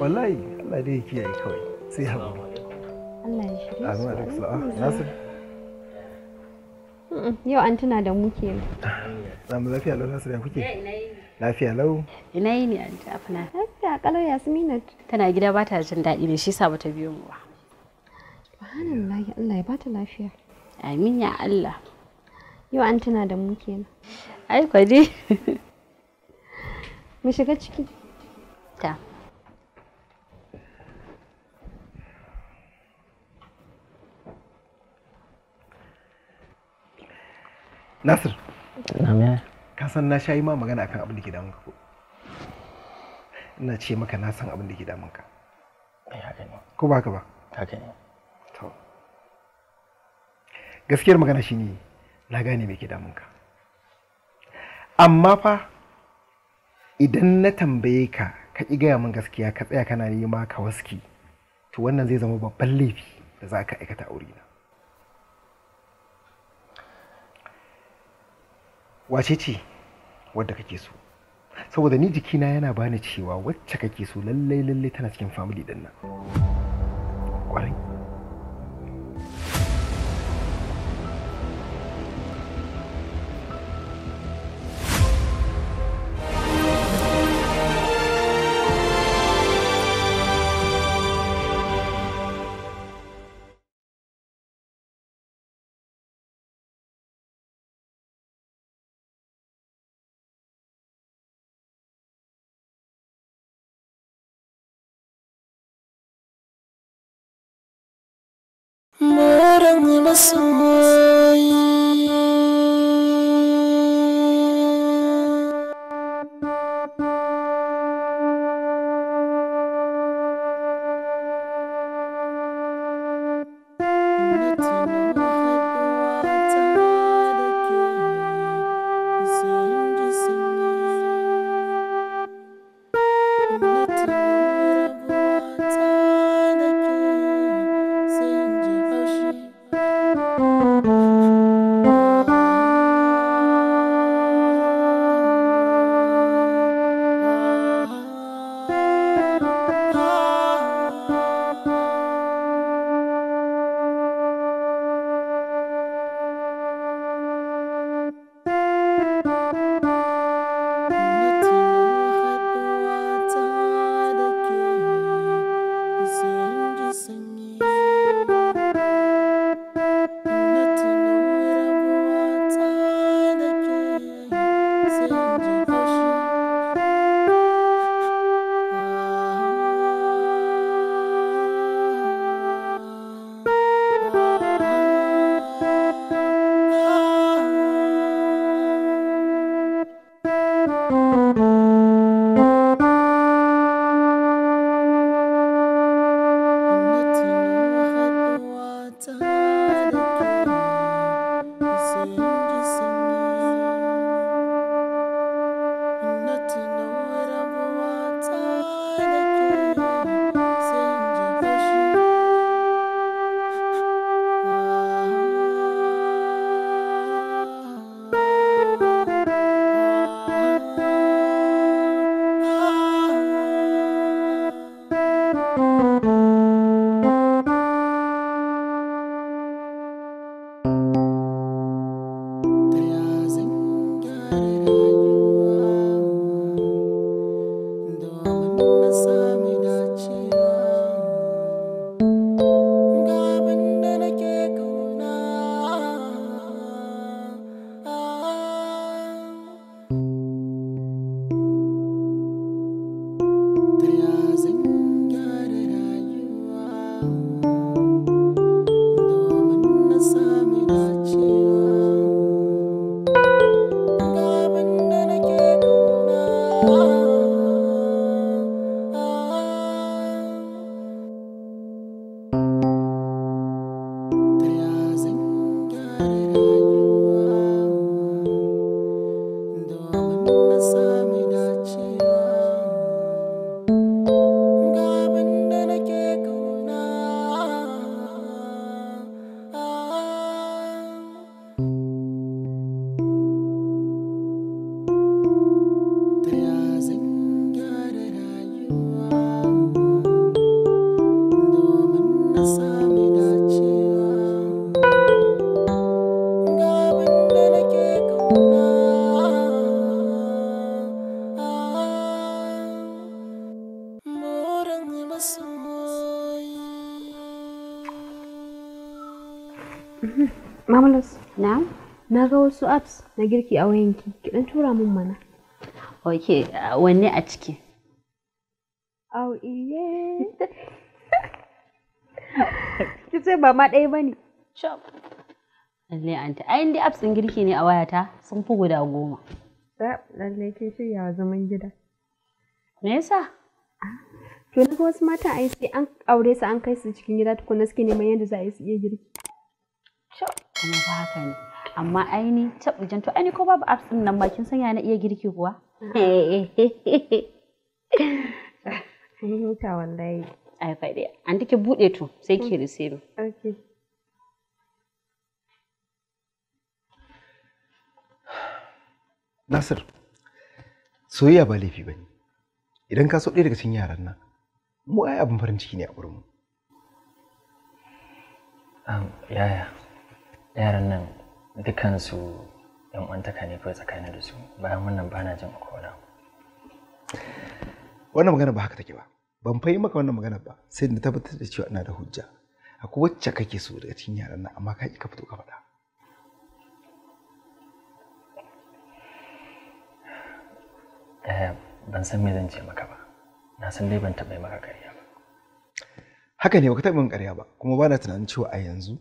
wallahi Allah dai ya kiyaye kawai sai haƙuri Allah ya shirye su amin nasir yau an tuna da mu ke zamu lafiya lau nasir ya kuke eh, lafiya lau ina yi ne an tafina lafiya kalau yasmina tana gida ba ta jin daɗi ne shi yasa ta biyo mu ba subhanallahi Allah ya ta lafiya amin ya Allah yau an tuna da mu ke ai kwade mu shiga ciki ta Nasir. Na'am Ka san na shayi ma magana akan abin da ke damun ka ko? Ina ce maka na san abin da ke damun ka. Ai haka ne. Ko ba ka ba? Haka ne. To. Gaskiyar magana shi ne na gane me ke damun ka. Amma fa idan na tambaye ka ka ƙi gaya min gaskiya ka tsaya kana nema ka waski to wannan zai zama babban laifi da za ka aikata aure na. wace ce wadda kake so saboda ni jikina yana bani cewa wacce kake so lallai lallai tana cikin family din nan ƙwarai الكرم مسموع wasu apps na girki a wayanki ki dan tura min mana ok wanne a ciki au iye ki ce ba ma ɗaya bane shop lalle anta ai dai apps din girki ne a wayata sun fi guda goma lalle ke shirya wa zaman gida me yasa ah, to na wasu mata ai sai an aure su an kai su cikin gida tukuna suke neman yadda za a yi su iya girki. shop kuma ba haka ne. amma aini taɓi to aini ko babu apps din nan ma kin san ya na iya girki kuwa ta wallahi ai fa dai an take bude to sai ke receive Nasir soyayya ba laifi bane idan ka so ɗaya daga cikin yaran nan mu ai abin farin ciki ne a gurin mu yaya yaran nan dukansu yan uwantaka ne kawai tsakanin da su bayan wannan bana jin kola wannan magana ba haka take ba ban fahimta maka wannan magana ba sai da tabbatar da cewa ina da hujja akwai wacce kake so daga cikin yaran nan amma ka ka fito ka faɗa eh, ban san me zan ce maka ba na san dai ban taɓa maka ƙarya ba haka ne ba ka taɓa min ƙarya ba kuma ba na tunanin cewa a yanzu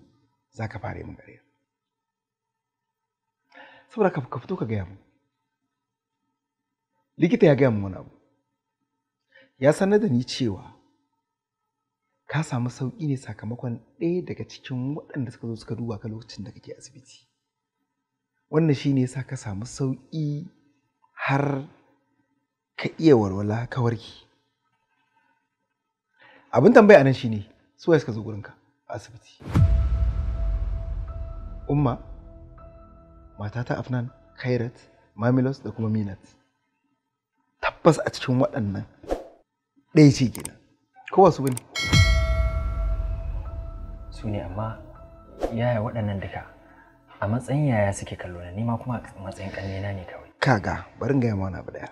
za ka fara min ƙarya saboda ka ka fito ka gaya mu likita ya gaya mu wani abu ya sanar da ni cewa ka samu sauƙi ne sakamakon ɗaya daga cikin waɗanda suka zo suka duba ka lokacin da kake asibiti wannan shi ne sa ka samu sauƙi har ka iya walwala ka warke abin tambaya nan ne, su waye suka zo gurinka asibiti umma matata afnan kairat mamilos da kuma minat tabbas a cikin waɗannan ɗaya ce kenan kowa su bane su ne amma yaya waɗannan duka a matsayin yaya suke kallo na nima kuma a matsayin ƙannena ne kawai kaga barin gaya ma wani abu ɗaya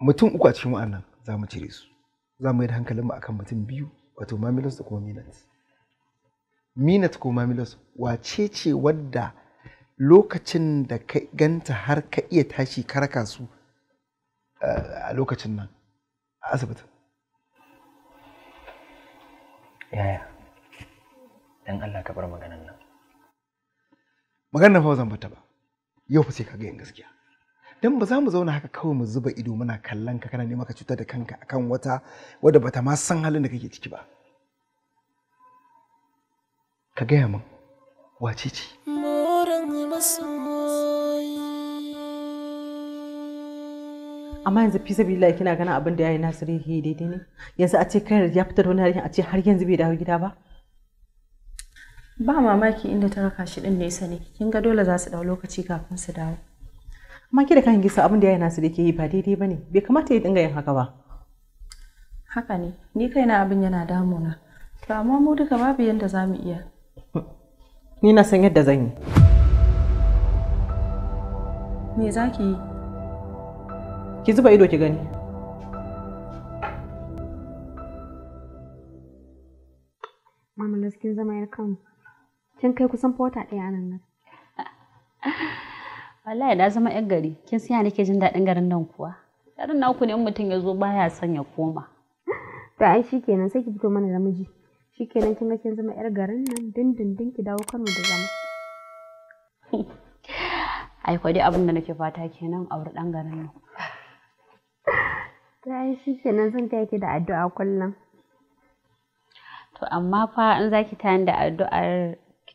mutum uku a cikin waɗannan za mu cire su za mu yi da hankalinmu akan mutum biyu wato mamilos da kuma minat Minat ko Mamilos wace ce wadda lokacin da ka ganta har ka iya tashi ka su eh, a lokacin nan a asibitin? Yaya, dan Allah ka bar maganan nan. Maganar fa zan bata ba, yau fa sai ka ga yin gaskiya. dan ba za mu zauna haka kawai mu zuba ido muna kallon ka kana nema ka cutar da kanka akan wata wadda bata ma san halin da kake ciki ba. ka gaya min wace ce amma yanzu fi sabi lai kina ganin abin da yayi nasiru yake daidai ne yanzu a ce kai ya fitar wani harin a ce har yanzu bai dawo gida ba ba mamaki inda ta raka shi din nesa ne kin ga dole za su dau lokaci kafin su dawo amma ki da kan gisa abin da yayi nasiru yake yi ba daidai bane bai kamata ya dinga yin haka ba haka ne ni kaina abin yana damuna to amma mu duka babu yanda za mu iya ni na san yadda zan yi me za ki yi ki zuba ido ki gani mama cikin zama ya kan kin kai kusan fota ɗaya nan nan wallahi na zama yan gari kin siya nake jin daɗin garin nan kuwa garin naku ne mutum ya zo baya son ya koma Da ai shikenan sai ki fito mana da miji shikenan kin ga kin zama yar garin nan dindindin ki dawo Kano da zama ai ko dai abin da nake fata kenan aure dan garin nan ta shikenan zan ta yake da addu'a kullum to amma fa in zaki tayar da addu'ar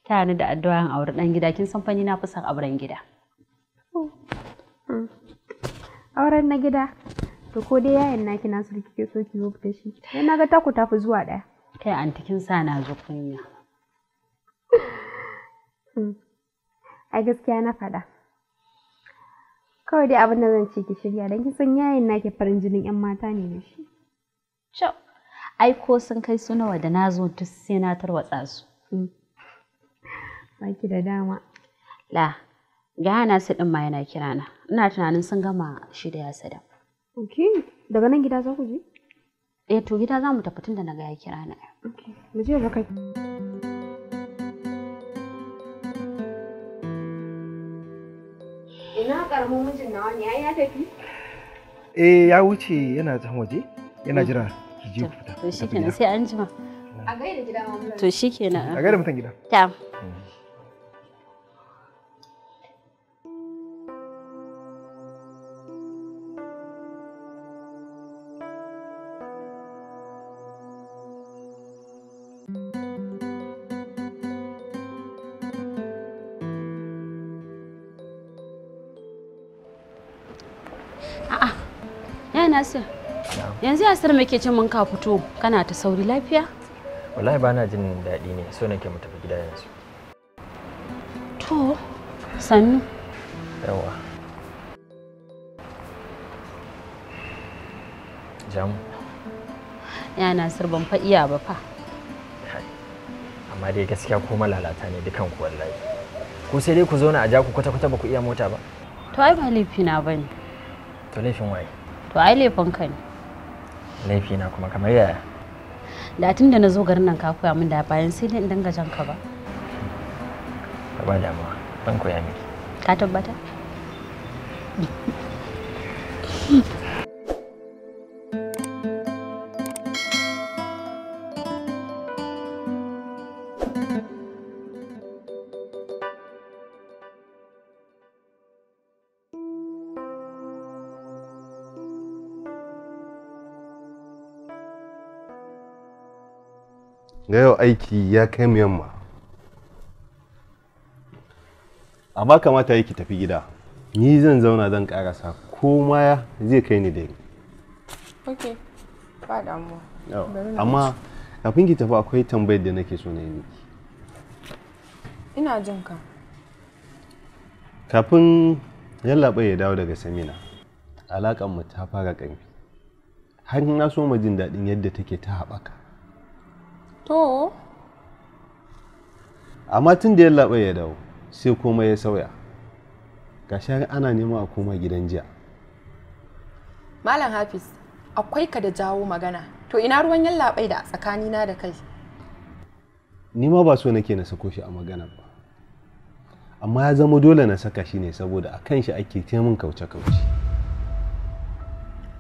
ki ni da addu'an aure dan gida kin san fanni na fi son auren gida hmm. auren na gida to ko dai yayin naki na kike so ki zo da shi na ga taku tafi zuwa daya Kai anti kin sa na ji kunya. Ai gaskiya na faɗa. Kawai dai abin da zan ce ki shirya don kisan san yayin nake farin jinin 'yan mata ne da shi. Ciao. Ai ko sun kai su nawa da na zo duk sai na tarwatsa su. Hmm. Baki da dama. La, ga na su ɗin ma yana kirana. Ina tunanin sun gama shirya sadam. Ok, daga nan gida za ku je? Eh to gida za mu tafi tun da na ga ya kira na. Okay, mu je ba kai. Ina karamin mijin nawa ne ya tafi? Eh ya wuce yana can waje yana jira ki je ku fita. To shikenan sai an jima. A gaida gida ma To shikenan. A gaida mutan gida. Ta. Mm. yanzu sar muke cin mun ka fito kana ta sauri lafiya wallahi ba na jin daɗi ne so nake mu tafi gida yanzu to sannu yawa jam ya nasir ban fa iya ba fa amma dai gaskiya ko malalata ne dukan ku wallahi ko sai dai ku zauna a ja ku kwata kwata ba ku iya mota ba to ai ba laifi na bane to laifin waye to ai laifin ka ne laifi na kuma kamar yaya da tun da na zo garin nan ka koya min da bayan sai dai in dinga jan ka ba ba damuwa ban koya miki ka tabbata ga yau aiki ya kai mu yamma amma kamata yake tafi gida ni zan zauna zan karasa ko ma zai kai ni dai ok ba damuwa amma kafin ki tafi akwai tambayar da nake so na yi miki ina jin ka kafin yallaɓa ya dawo daga samina alaƙar mu ta fara ƙarfi har na so mu jin daɗin yadda take ta haɓaka to amma tun da ya laɓa ya dawo sai komai ya sauya ga ana nema a koma gidan jiya malam hafiz akwai ka da jawo magana to ina ruwan yallaɓai da tsakanina da kai ni ma ba so nake na sako shi a magana ba amma ya zama dole na saka shi ne saboda a kan shi ake taimun kauce-kauce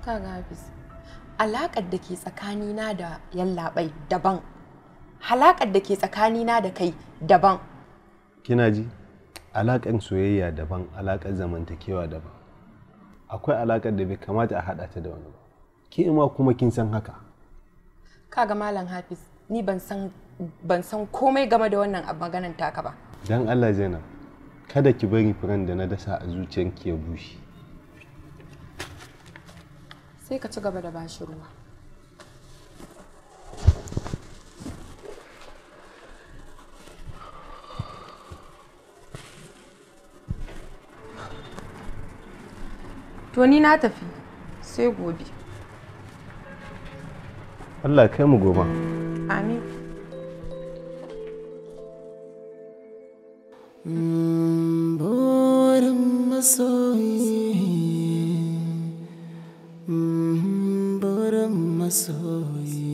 kaga hafiz alaƙar da ke tsakanina da yallaɓai daban halakar da ke tsakanina da kai daban kina ji alakan soyayya daban alakan zamantakewa daban akwai alaƙar da bai kamata a haɗa ta da wani ba ke ma kuma kin san haka kaga malam hafiz ni ban san komai game da wannan maganan taka ba dan Allah zainab kada ki bari furen da na dasa a zuciyanki ya bushe sai ka ci gaba da bashi ruwa to ni na tafi sai gobe Allah kai mu goma. amin burin masoyi burin masoyi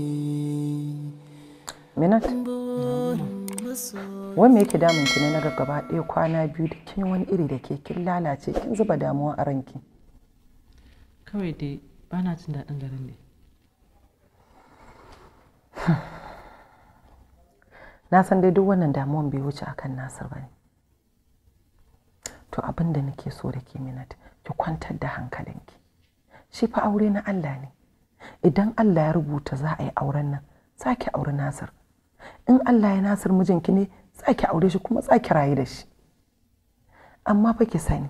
minat wai yake damun ki ne na gaba ɗaya kwana biyu da kin wani iri da ke kin lalace kin zuba damuwa a ranki kawai dai ba na cin daɗin garin ne na san dai duk wannan damuwan bai wuce akan nasir ba ne to abin da nake so da ke minat ki kwantar da hankalinki shi fa aure na allah ne idan allah ya rubuta za a yi auren nan za ki auri nasir in allah ya nasir mijinki ne za aure shi kuma za rayu da shi amma fa ki sani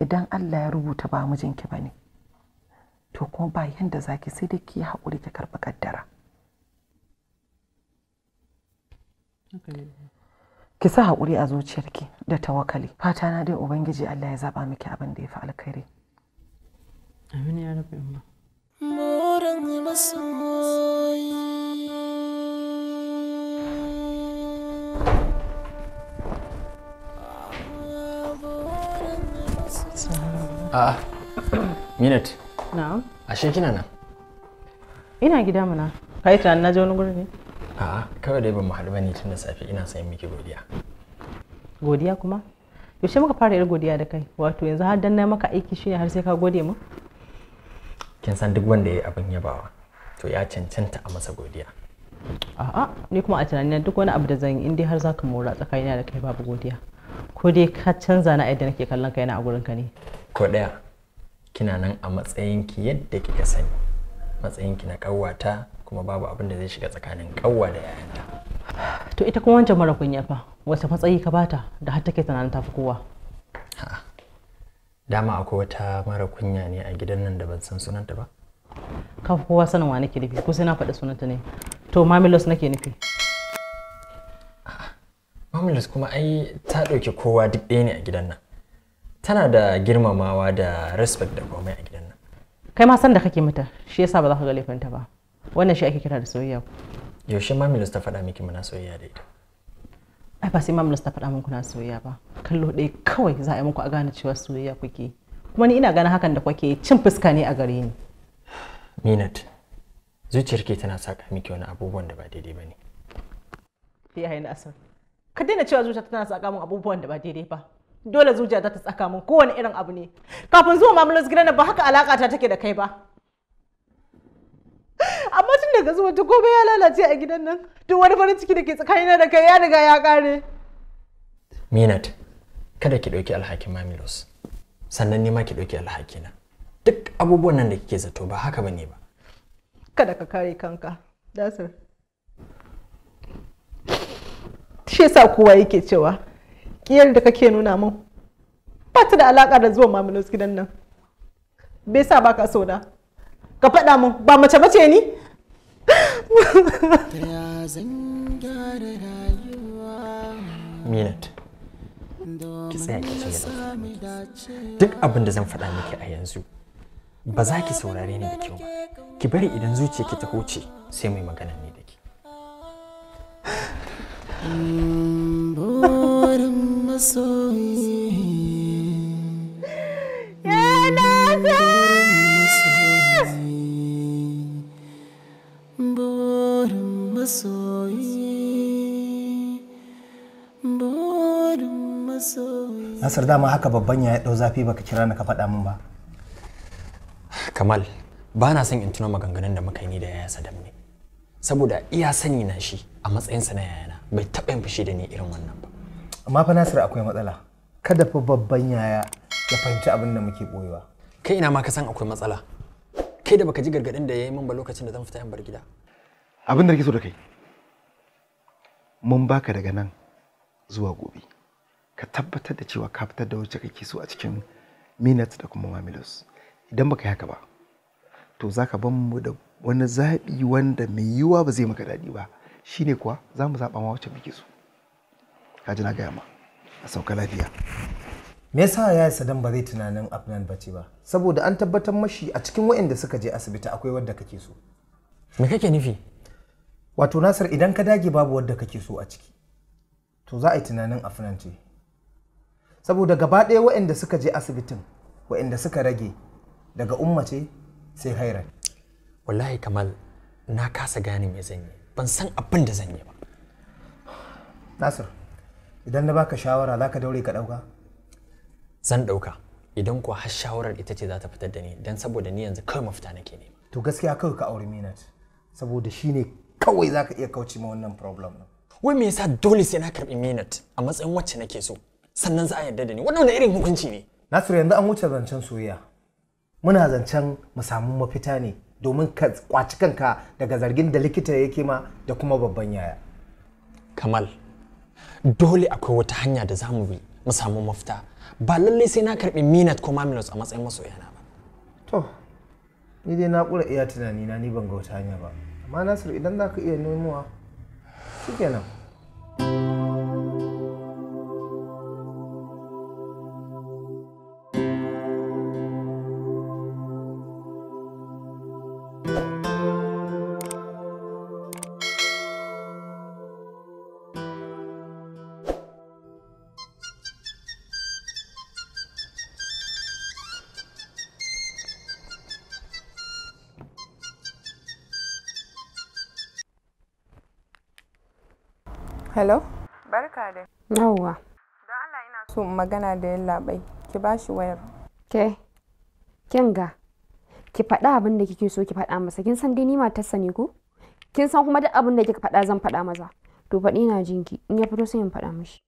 idan allah ya rubuta ba mijinki ba ne to kuma ba yanda zaki sai dai ki haƙuri ki karɓi kaddara ki sa haƙuri a zuciyarki da tawakali fata na dai ubangiji Allah ya zaba miki abin da ya fi alkhairi amin ya rabbi moran masoyi A'a, na'am ashe kina nan ina gida mana kai tunanin na je wani gurin ne a'a kawai dai ba mu haɗu bane tun da safe ina son miki godiya godiya kuma yaushe muka fara yin godiya da kai wato yanzu har dan na maka aiki shine har sai ka gode mu kin san duk wanda ya yi abin yabawa to ya cancanta a masa godiya a'a ni kuma a tunanin duk wani abu da zan yi in dai har ka mora tsakanina da kai babu godiya ko dai ka canza na yadda nake kallon kaina a gurin ka ne ko ɗaya. kina nan a matsayinki yadda kika sani matsayinki na ƙawata kuma babu abin da zai shiga tsakanin kawwa da yayanta to ita kuma wancan mara kunya fa wata matsayi ka bata da har take tunanin tafi kowa dama akwai wata mara kunya ne a gidan nan da ban san sunanta ba ka fi kowa sanin wa nake nufi ko sai na faɗi sunanta ne to mamilos nake nufi mamilos kuma ai ta ɗauki kowa duk ɗaya ne a gidan nan tana da girmamawa da respect da komai a gidan nan kai ma san da kake mata shi yasa ba za ka ga laifinta ba wannan shi ake kira da soyayya yaushe ma minista faɗa miki muna soyayya da ita ai ba sai ma minista faɗa min kuna soyayya ba kallo ɗaya kawai za a yi muku a gane cewa soyayya kuke kuma ni ina ganin hakan da kuke cin fuska ne a gare ni minat zuciyar ke tana saka miki wani abubuwan da ba daidai ba ne yayin asar ka daina cewa zuciya tana saka min abubuwan da ba daidai ba dole zuciya ta tsaka min kowane irin abu ne kafin zuwa mamulos gidan ba haka alaka ta take da kai ba amma tun daga zuwa ta gobe ya lalace a gidan nan duk wani farin ciki da ke tsakanina da kai ya riga ya kare minat kada ki ɗauki alhakin mamulus sannan ma ki ɗauki alhakina duk abubuwan nan da kike zato ba haka bane ba kada ka kare kanka dasir shi yasa kowa yake cewa kiyar da kake nuna min ba da alaka da zuwa mamilos gidan nan bai sa baka so na ka faɗa min ba mace mace ni ki tsaya ki ce duk abin da zan faɗa miki a yanzu ba za ki saurare ni da kyau ba ki bari idan zuciya ki ta huce sai mai magana ne da ki nasir dama haka babban yaya ɗau zafi baka kira ni ka faɗa min ba kamal ba na son in tuna maganganun da muka yi da yaya sadam ne saboda iya sani na shi a matsayinsa na yayana bai taɓa yin fushi da ni irin wannan ba amma fa Nasir akwai matsala kada fa babban yaya ya fahimci abin da muke boyewa kai ina ma ka san akwai matsala kai da baka ji gargadin da yi min ba lokacin da zan fita yan bar gida abin da kike so da kai mun baka daga nan zuwa gobe ka tabbatar da cewa ka fitar da wacce kake so a cikin minutes da kuma mamilos idan baka yi haka ba to zaka ka ban mu da wani zaɓi wanda mai yiwuwa ba zai maka daɗi ba shine kuwa za mu zaɓa ma wacce muke so kaji na gaya ma a sauka lafiya me yasa ya yi sadan ba zai tunanin afnan bace ba saboda an tabbatar mashi a cikin waɗanda suka je asibiti akwai wadda kake so me kake nufi wato nasir idan ka dage babu wadda kake so a ciki to za a yi tunanin afnan ce saboda gaba ɗaya waɗanda suka je asibitin waɗanda suka rage daga umma ce sai hairan wallahi kamal na kasa gane me zan yi ban san abin da zan yi ba nasir idan na baka shawara za ka daure ka dauka. zan ɗauka idan kuwa har shawarar ita ce za ta fitar da ni don saboda ni yanzu kawai mafita nake ne. to gaskiya kawai ka aure minat saboda shine kawai za ka iya kauce ma wannan problem wai me yasa dole sai na karbi minat a matsayin wacce nake so sannan za a yarda da ni wannan wani irin hukunci ne nasiru yanzu an wuce zancen soyayya muna zancen mu samu mafita ne domin ka kwaci kanka daga zargin da likita yake ma da kuma babban yaya kamal dole akwai wata hanya da za mu bi mu samu mafita ba lallai sai na karɓi minat ko mamilos a matsayin masoyana ba to ni dai na ƙura iya tunani na ni ban ga wata hanya ba amma Nasiru idan za ka iya nemowa kenan Hello? Barka dai. Yawwa. Don Allah ina so magana da yallaɓai. Ki ba shi wayar. Ke? Kin ga? Ki faɗa abin da kike so ki faɗa masa. Kin san dai ni matarsa ne ko? Kin san kuma duk abin da kika faɗa zan faɗa maza. To faɗi na jinki. In ya fito sai in faɗa mishi.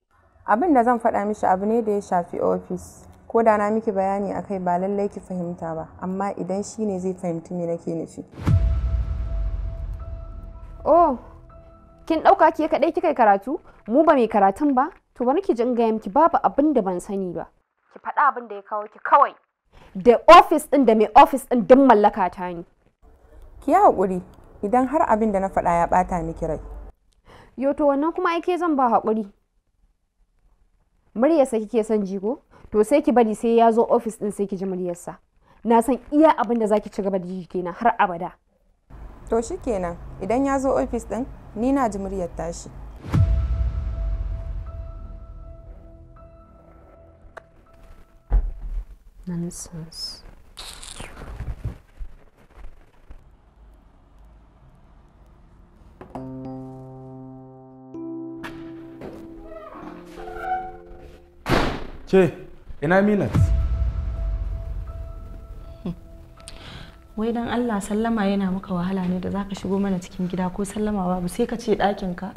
Abin da zan faɗa mishi abu ne da ya shafi ofis. ko da na miki bayani akai ba lallai ki fahimta ba amma idan shi ne zai fahimci me nake nufi oh kin ɗauka ke kaɗai kika yi karatu mu ba mai karatun ba to bari ki jin gaya miki babu abin da ban sani ba ki faɗa abin da ya kawo ki kawai da ofis din da mai ofis din din mallaka ta ni ki yi hakuri idan har abin da na faɗa ya ɓata miki rai yo to wannan kuma aike zan ba murya muryarsa kike son jigo to sai ki bari sai ya zo ofis din sai ki ji muryarsa na san iya abin da zaki ci gaba da ji kenan har abada to shikenan idan ya zo ofis din. Nina de Maria tashi. Nonsense. Ke, ina Minas? wai dan Allah sallama yana maka wahala ne da zaka shigo mana cikin gida ko sallama babu sai ka ce ɗakin ka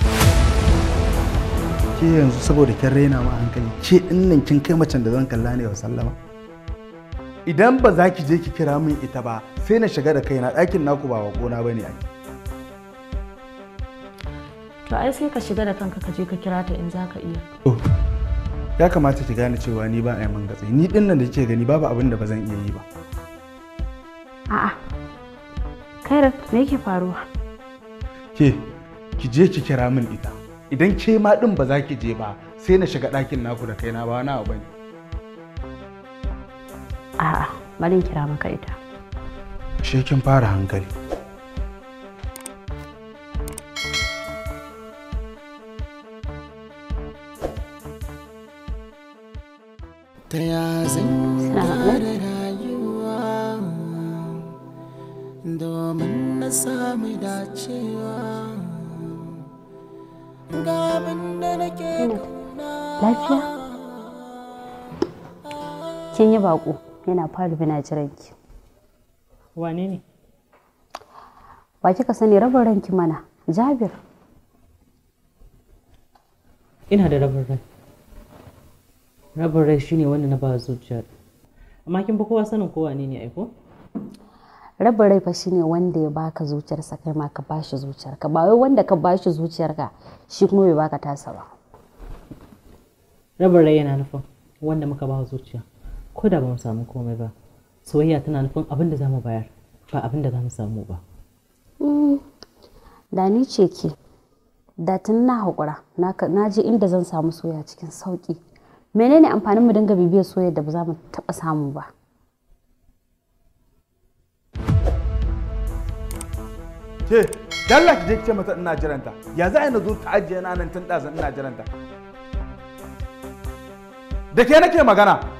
ke yanzu saboda kin raina ma hankali ce nan kin kai macen da zan kalla ne wa sallama idan ba za ki je ki kira min ita ba sai na shiga da kaina ɗakin naku ba wa gona bane ai to ai sai ka shiga da kanka ka je ka kira ta in zaka iya oh, ya kamata ki gane cewa ni ba a yi man ni ni nan da kike gani babu abin da ba zan iya yi ba A'a. Kairat me yake faruwa? Ke ki je ki kira min ita. Idan ke ma din ba za ki je ba sai na shiga ɗakin naku da kaina ba wani abu ne. A'a, malin kira maka ita. Ashe kin fara hankali. bako yana fara bina jiranki wane ne wa kika sani rabin ranki mana jabir ina da rabin rai rabin rai shine wanda na ba zuciya amma kin ba kowa sanin kowa ne ne aiko rabin rai fa shine wanda ya baka zuciyarsa kai ma ka bashi zuciyarka ba wai wanda ka bashi zuciyarka shi kuma bai baka tasa ba rabin rai yana nufin wanda muka ba zuciya ko da ba mu samu komai ba soyayya tana nufin abin da za mu bayar ba abin da za mu samu ba mm. da ni ce ke da tun na haƙura na je inda zan samu soya cikin sauƙi menene amfanin mu dinga bibiyar soyayya da ba za mu taɓa samu ba ke dalla ki je ki ce mata ina jiranta ya za a na zo ta ajiye na nan tun ɗazan ina jiranta da ke nake magana